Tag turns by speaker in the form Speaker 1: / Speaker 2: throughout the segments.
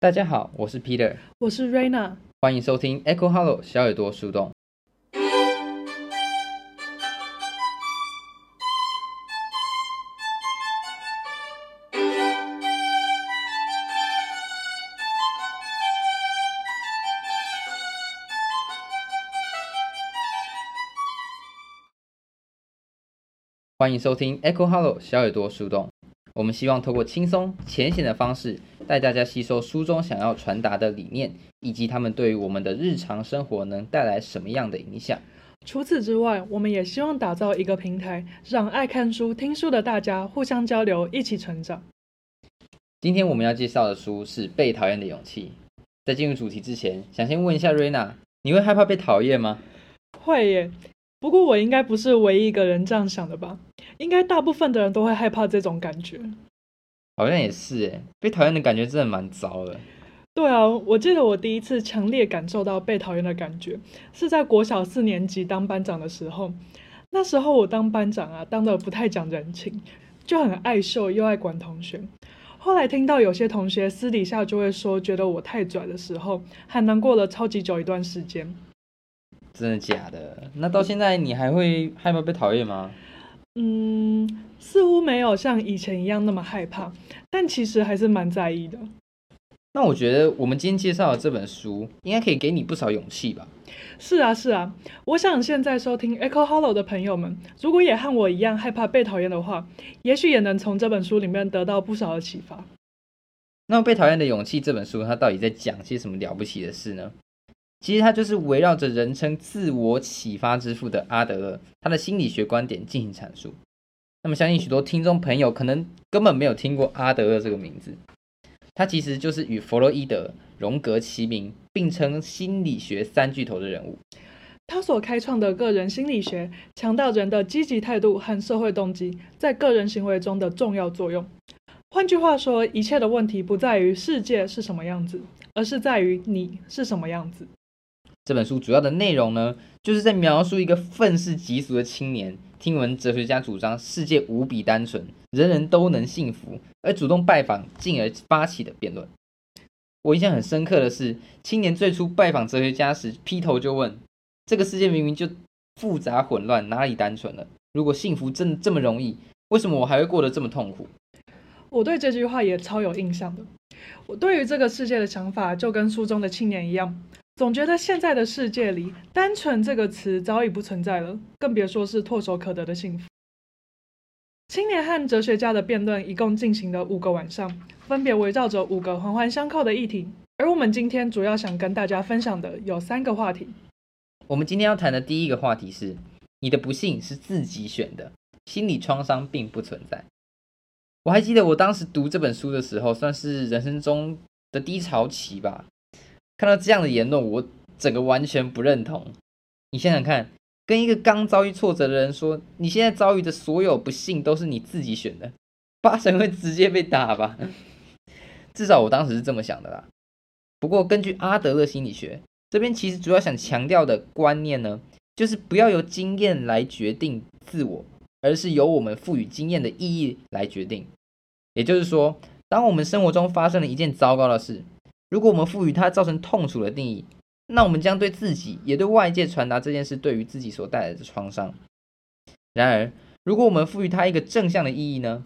Speaker 1: 大家好，我是 Peter，
Speaker 2: 我是 Reyna。
Speaker 1: 歡迎收聽 Echo Hollow 小耳朵樹洞。
Speaker 2: 歡
Speaker 1: 迎收聽 Echo Hollow 小耳朵樹洞。我們希望透過輕鬆淺顯的方式，帶大家吸收書中想要傳達的理念，以及他們對於我們的日常生活能帶來什麼樣的影響。
Speaker 2: 除此之外，我們也希望打造一個平台，讓愛看書、聽書的大家互相交流，一起成長。
Speaker 1: 今天我們要介紹的書是《被討厭的勇氣》。在進入主題之前，想先問一下瑞娜，你會害怕被討厭嗎？
Speaker 2: 會耶。不過我應該不是唯一一個人這樣想的吧？應該大部分的人都會害怕這種感覺。
Speaker 1: 好像也是誒，被討厭的感覺真的蠻糟的。
Speaker 2: 對啊，我記得我第一次強烈感受到被討厭的感覺，是在國小四年級當班長的時候。那時候我當班長啊，當得不太講人情，就很愛秀又愛管同學。後來聽到有些同學私底下就會說覺得我太拽，的時候，還難過了超級久一段時間。
Speaker 1: 真的假的？那到現在你還會害怕被討厭嗎？
Speaker 2: 嗯，似乎沒有像以前一樣那麼害怕，但其實還是蠻在意的。
Speaker 1: 那我覺得我們今天介紹的這本書，應該可以給你不少勇氣吧？
Speaker 2: 是啊，是啊。我想現在收聽《Echo Hollow》的朋友們，如果也和我一樣害怕被討厭的話，也許也能從這本書裡面得到不少的啟發。那《
Speaker 1: 被討厭的勇氣》這本書，它到底在講些什麼了不起的事呢？其實他就是圍繞着人稱“自我啟發之父”的阿德勒，他的心理學觀點進行闡述。那麼，相信許多聽眾朋友可能根本沒有聽過阿德勒這個名字。他其實就是與弗洛伊德、榮格齊名，並稱心理學三巨頭的人
Speaker 2: 物。他所開創的個人心理學，強調人的積極態度和社會動機在個人行為中的重要作用。換句話說，一切的問題不在於世界是什麼樣子，而是在於你是什麼樣子。
Speaker 1: 這本書主要的內容呢，就是在描述一個憤世嫉俗的青年，聽聞哲學家主張世界無比單純，人人都能幸福，而主動拜訪，進而發起的辯論。我印象很深刻的是，青年最初拜訪哲學家時，劈頭就問：“這個世界明明就複雜混亂，哪裡單純了？如果幸福真的這麼容易，為什麼我還會過得這麼痛苦？”
Speaker 2: 我對這句話也超有印象的。我對於這個世界的想法，就跟書中的青年一樣。總覺得現在的世界裡，單純這個詞早已不存在了，更別說是唾手可得的幸福。青年和哲學家的辯論一共進行了五個晚上，分別圍繞着五個環環相扣的議題。而我們今天主要想跟大家分享的有三個話題。
Speaker 1: 我們今天要談的第一個話題是：你的不幸是自己選的，心理創傷並不存在。我還記得我當時讀這本書的時候，算是人生中的低潮期吧。看到這樣的言論，我整個完全不認同。你想想看，跟一個剛遭遇挫折的人說：“你現在遭遇的所有不幸都是你自己選的”，八成會直接被打吧？ 至少我當時是這麼想的啦。不過，根據阿德勒心理學，這邊其實主要想強調的觀念呢，就是不要由經驗來決定自我，而是由我們賦予經驗的意義來決定。也就是說，當我們生活中發生了一件糟糕的事，如果我們賦予它造成痛楚的定義，那我們將對自己也對外界傳達這件事對於自己所帶來的創傷。然而，如果我們賦予它一個正向的意義呢？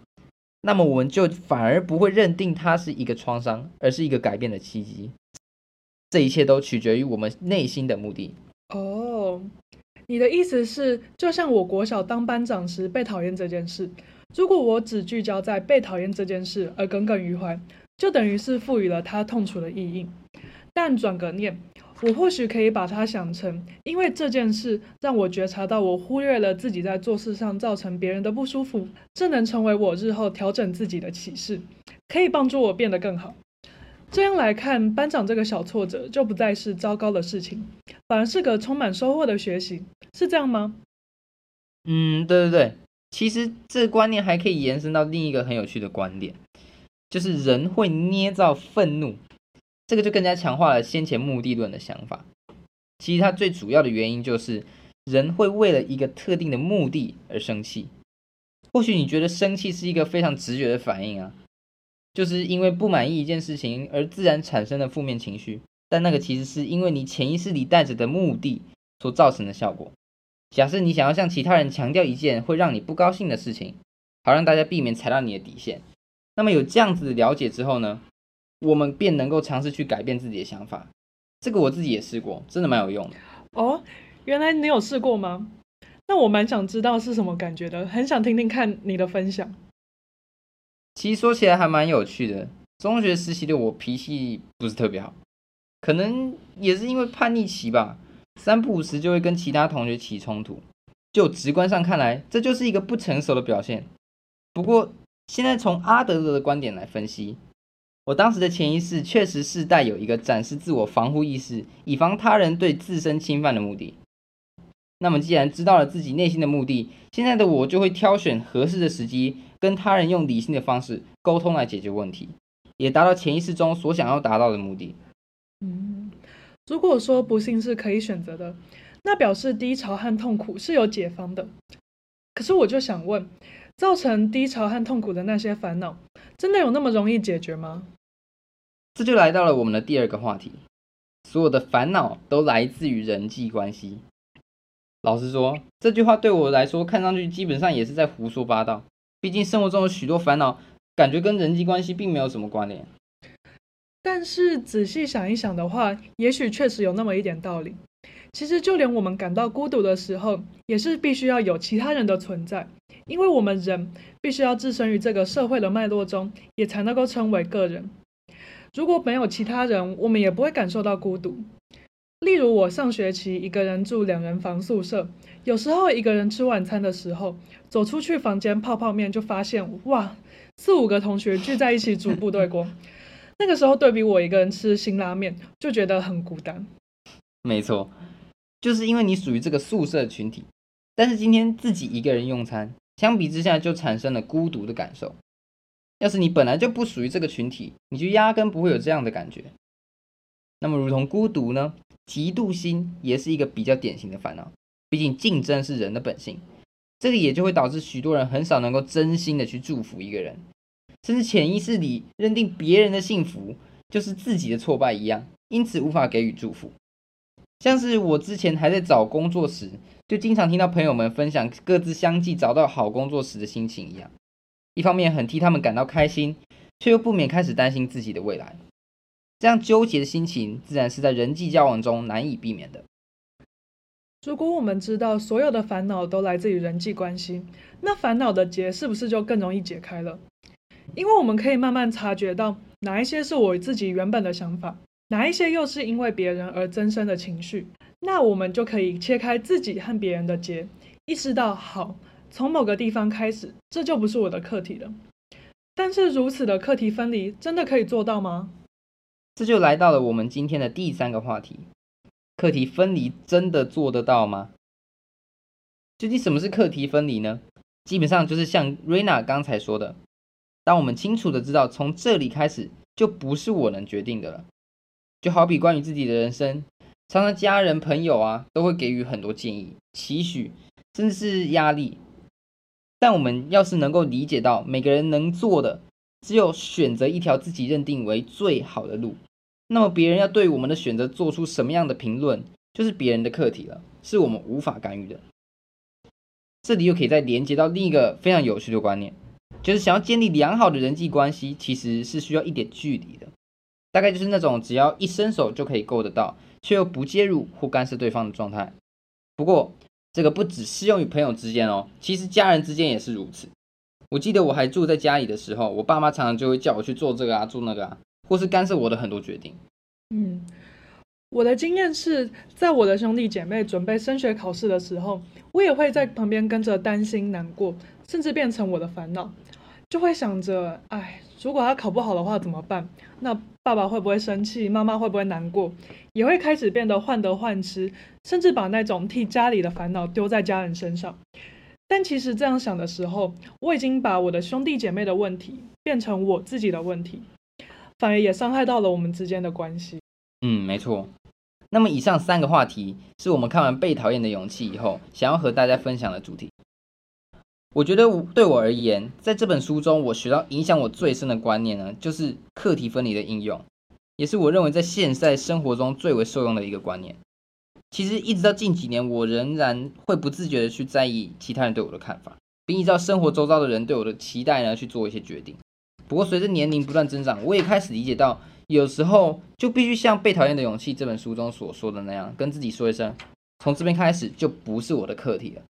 Speaker 1: 那麼我們就反而不會認定它是一個創傷，而是一個改變的契機。這一切都取決於我們內心的目的。
Speaker 2: 哦，oh, 你的意思是，就像我國小當班長時被討厭這件事，如果我只聚焦在被討厭這件事而耿耿於懷，就等於是賦予了他痛楚的意義，但轉個念，我或許可以把它想成，因為這件事讓我覺察到我忽略了自己在做事上造成別人的不舒服，這能成為我日後調整自己的啟示，可以幫助我變得更好。這樣來看，班長這個小挫折就不再是糟糕的事情，反而是個充滿收穫的學習，是這樣嗎？嗯，
Speaker 1: 對對對，其實這觀念還可以延伸到另一個很有趣的觀點。就是人會捏造憤怒，這個就更加強化了先前目的論的想法。其實它最主要的原因就是人會為了一個特定的目的而生氣。或許你覺得生氣是一個非常直覺的反應啊，就是因為不滿意一件事情而自然產生的負面情緒。但那個其實是因為你潛意識裡帶着的目的所造成的效果。假設你想要向其他人強調一件會讓你不高興的事情，好讓大家避免踩到你的底線。那麼有這樣子的了解之後呢，我們便能夠嘗試去改變自己的想法。這個我自己也試過，真的蠻有用的。
Speaker 2: 哦，原來你有試過嗎？那我蠻想知道是什麼感覺的，很想聽聽看你的分享。
Speaker 1: 其實說起來還蠻有趣的。中學時期的我脾氣不是特別好，可能也是因為叛逆期吧，三不五時就會跟其他同學起衝突。就直觀上看來，這就是一個不成熟的表現。不過。現在從阿德勒的觀點來分析，我當時的潛意識確實是帶有一個展示自我、防護意識，以防他人對自身侵犯的目的。那麼，既然知道了自己內心的目的，現在的我就會挑選合適的時機，跟他人用理性的方式溝通來解決問題，也達到潛意識中所想要達到的目的。嗯，
Speaker 2: 如果說不幸是可以選擇的，那表示低潮和痛苦是有解方的。可是，我就想問。造成低潮和痛苦的那些煩惱，真的有那麼容易解決嗎？
Speaker 1: 這就來到了我們的第二個話題：所有的煩惱都來自於人際關係。老實說，這句話對我來說，看上去基本上也是在胡說八道。畢竟生活中的許多煩惱，感覺跟人際關係並沒有什麼關聯。
Speaker 2: 但是仔細想一想的話，也許確實有那麼一點道理。其實就連我們感到孤獨的時候，也是必須要有其他人的存在。因為我們人必須要置身於這個社會的脈絡中，也才能夠稱為個人。如果沒有其他人，我們也不會感受到孤獨。例如我上學期一個人住兩人房宿舍，有時候一個人吃晚餐的時候，走出去房間泡泡麵，就發現哇，四五個同學聚在一起煮部隊鍋。 那個時候對比我一個人吃辛拉麵，就覺得很孤單。
Speaker 1: 沒錯，就是因為你屬於這個宿舍的群體，但是今天自己一個人用餐。相比之下，就產生了孤獨的感受。要是你本來就不屬於這個群體，你就壓根不會有這樣的感覺。那麼，如同孤獨呢？嫉妒心也是一個比較典型的煩惱。畢竟，競爭是人的本性，這個也就會導致許多人很少能夠真心地去祝福一個人，甚至潛意識裡認定別人的幸福就是自己的挫敗一樣，因此無法給予祝福。像是我之前還在找工作時。就經常聽到朋友們分享各自相繼找到好工作時的心情一樣，一方面很替他們感到開心，卻又不免開始擔心自己的未來。這樣糾結的心情，自然是在人際交往中難以避免的。
Speaker 2: 如果我們知道所有的煩惱都來自於人際關係，那煩惱的結是不是就更容易解開了？因為我們可以慢慢察覺到哪一些是我自己原本的想法，哪一些又是因為別人而增生的情緒。那我們就可以切開自己和別人的結，意識到好，從某個地方開始，這就不是我的課題了。但是如此的課題分離真的可以做到嗎？
Speaker 1: 這就來到了我們今天的第三個話題：課題分離真的做得到嗎？究竟什麼是課題分離呢？基本上就是像瑞娜剛才說的，當我們清楚地知道從這裡開始就不是我能決定的了，就好比關於自己的人生。常常家人朋友啊都會給予很多建議、期許，甚至是壓力。但我們要是能夠理解到，每個人能做的只有選擇一條自己認定為最好的路，那麼別人要對我們的選擇做出什麼樣的評論，就是別人的課題了，是我們無法干預的。這裡又可以再連接到另一個非常有趣的觀念，就是想要建立良好的人際關係，其實是需要一點距離的。大概就是那種只要一伸手就可以夠得到。卻又不介入或干涉對方的狀態。不過，這個不只適用於朋友之間哦，其實家人之間也是如此。我記得我還住在家裡的時候，我爸媽常常就會叫我去做這個啊，做那個啊，或是干涉我的很多決定。
Speaker 2: 嗯，我的經驗是在我的兄弟姐妹準備升學考試的時候，我也會在旁邊跟着擔心、難過，甚至變成我的煩惱，就會想着：哎，如果他考不好的話怎麼辦？那。爸爸會不會生氣？媽媽會不會難過？也會開始變得患得患失，甚至把那種替家裡的煩惱丟在家人身上。但其實這樣想的時候，我已經把我的兄弟姐妹的問題變成我自己的問題，反而也傷害到了我們之間的關係。
Speaker 1: 嗯，沒錯。那麼以上三個話題是我們看完《被討厭的勇氣》以後，想要和大家分享的主題。我覺得對我而言，在這本書中，我學到影響我最深的觀念呢，就是課題分離的應用，也是我認為在現在生活中最為受用的一個觀念。其實一直到近幾年，我仍然會不自覺地去在意其他人對我的看法，並依照生活周遭的人對我的期待呢，去做一些決定。不過隨着年齡不斷增長，我也開始理解到，有時候就必須像《被討厭的勇氣》這本書中所說的那樣，跟自己說一聲，從這邊開始就不是我的課題了。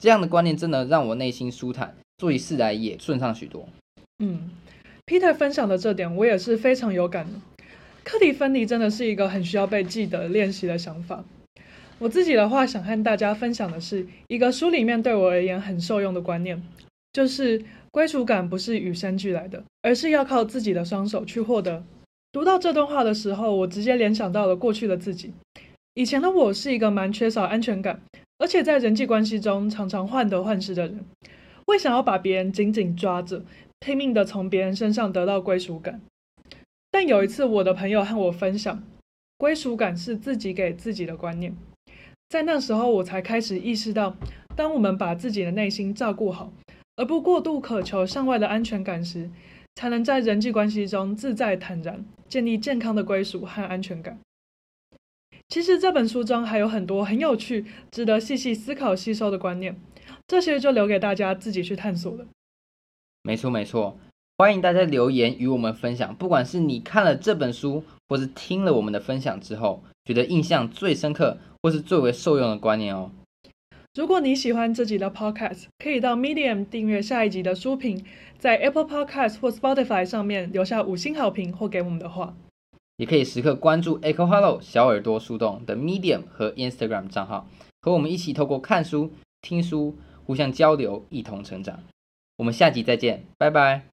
Speaker 1: 這樣的觀念真的讓我內心舒坦，做起事來也順暢許多。嗯
Speaker 2: ，Peter 分享的這點我也是非常有感的。課題分離真的是一個很需要被記得練習的想法。我自己的話，想和大家分享的是一個書裡面對我而言很受用的觀念，就是歸屬感不是與生俱來的，而是要靠自己的雙手去獲得。讀到這段話的時候，我直接聯想到了過去的自己。以前的我是一個蠻缺少安全感。而且在人際關係中，常常患得患失的人，會想要把別人緊緊抓着，拼命的從別人身上得到歸屬感。但有一次，我的朋友和我分享，歸屬感是自己給自己的觀念。在那時候，我才開始意識到，當我們把自己的內心照顧好，而不過度渴求向外的安全感時，才能在人際關係中自在坦然，建立健康的歸屬和安全感。其實這本書中還有很多很有趣、值得細細思考、吸收的觀念，這些就留給大家自己去探索了。
Speaker 1: 沒錯沒錯，歡迎大家留言與我們分享，不管是你看了這本書，或是聽了我們的分享之後，覺得印象最深刻或是最為受用的觀念哦。
Speaker 2: 如果你喜歡這集的 Podcast，可以到 Medium 訂閱下一集的書評，在 Apple Podcast 或 Spotify 上面留下五星好評或給我們的話。
Speaker 1: 也可以時刻關注 Echo Hollow 小耳朵樹洞的 Medium 和 Instagram 賬號，和我們一起透過看書、聽書，互相交流，一同成長。我們下集再見，拜拜。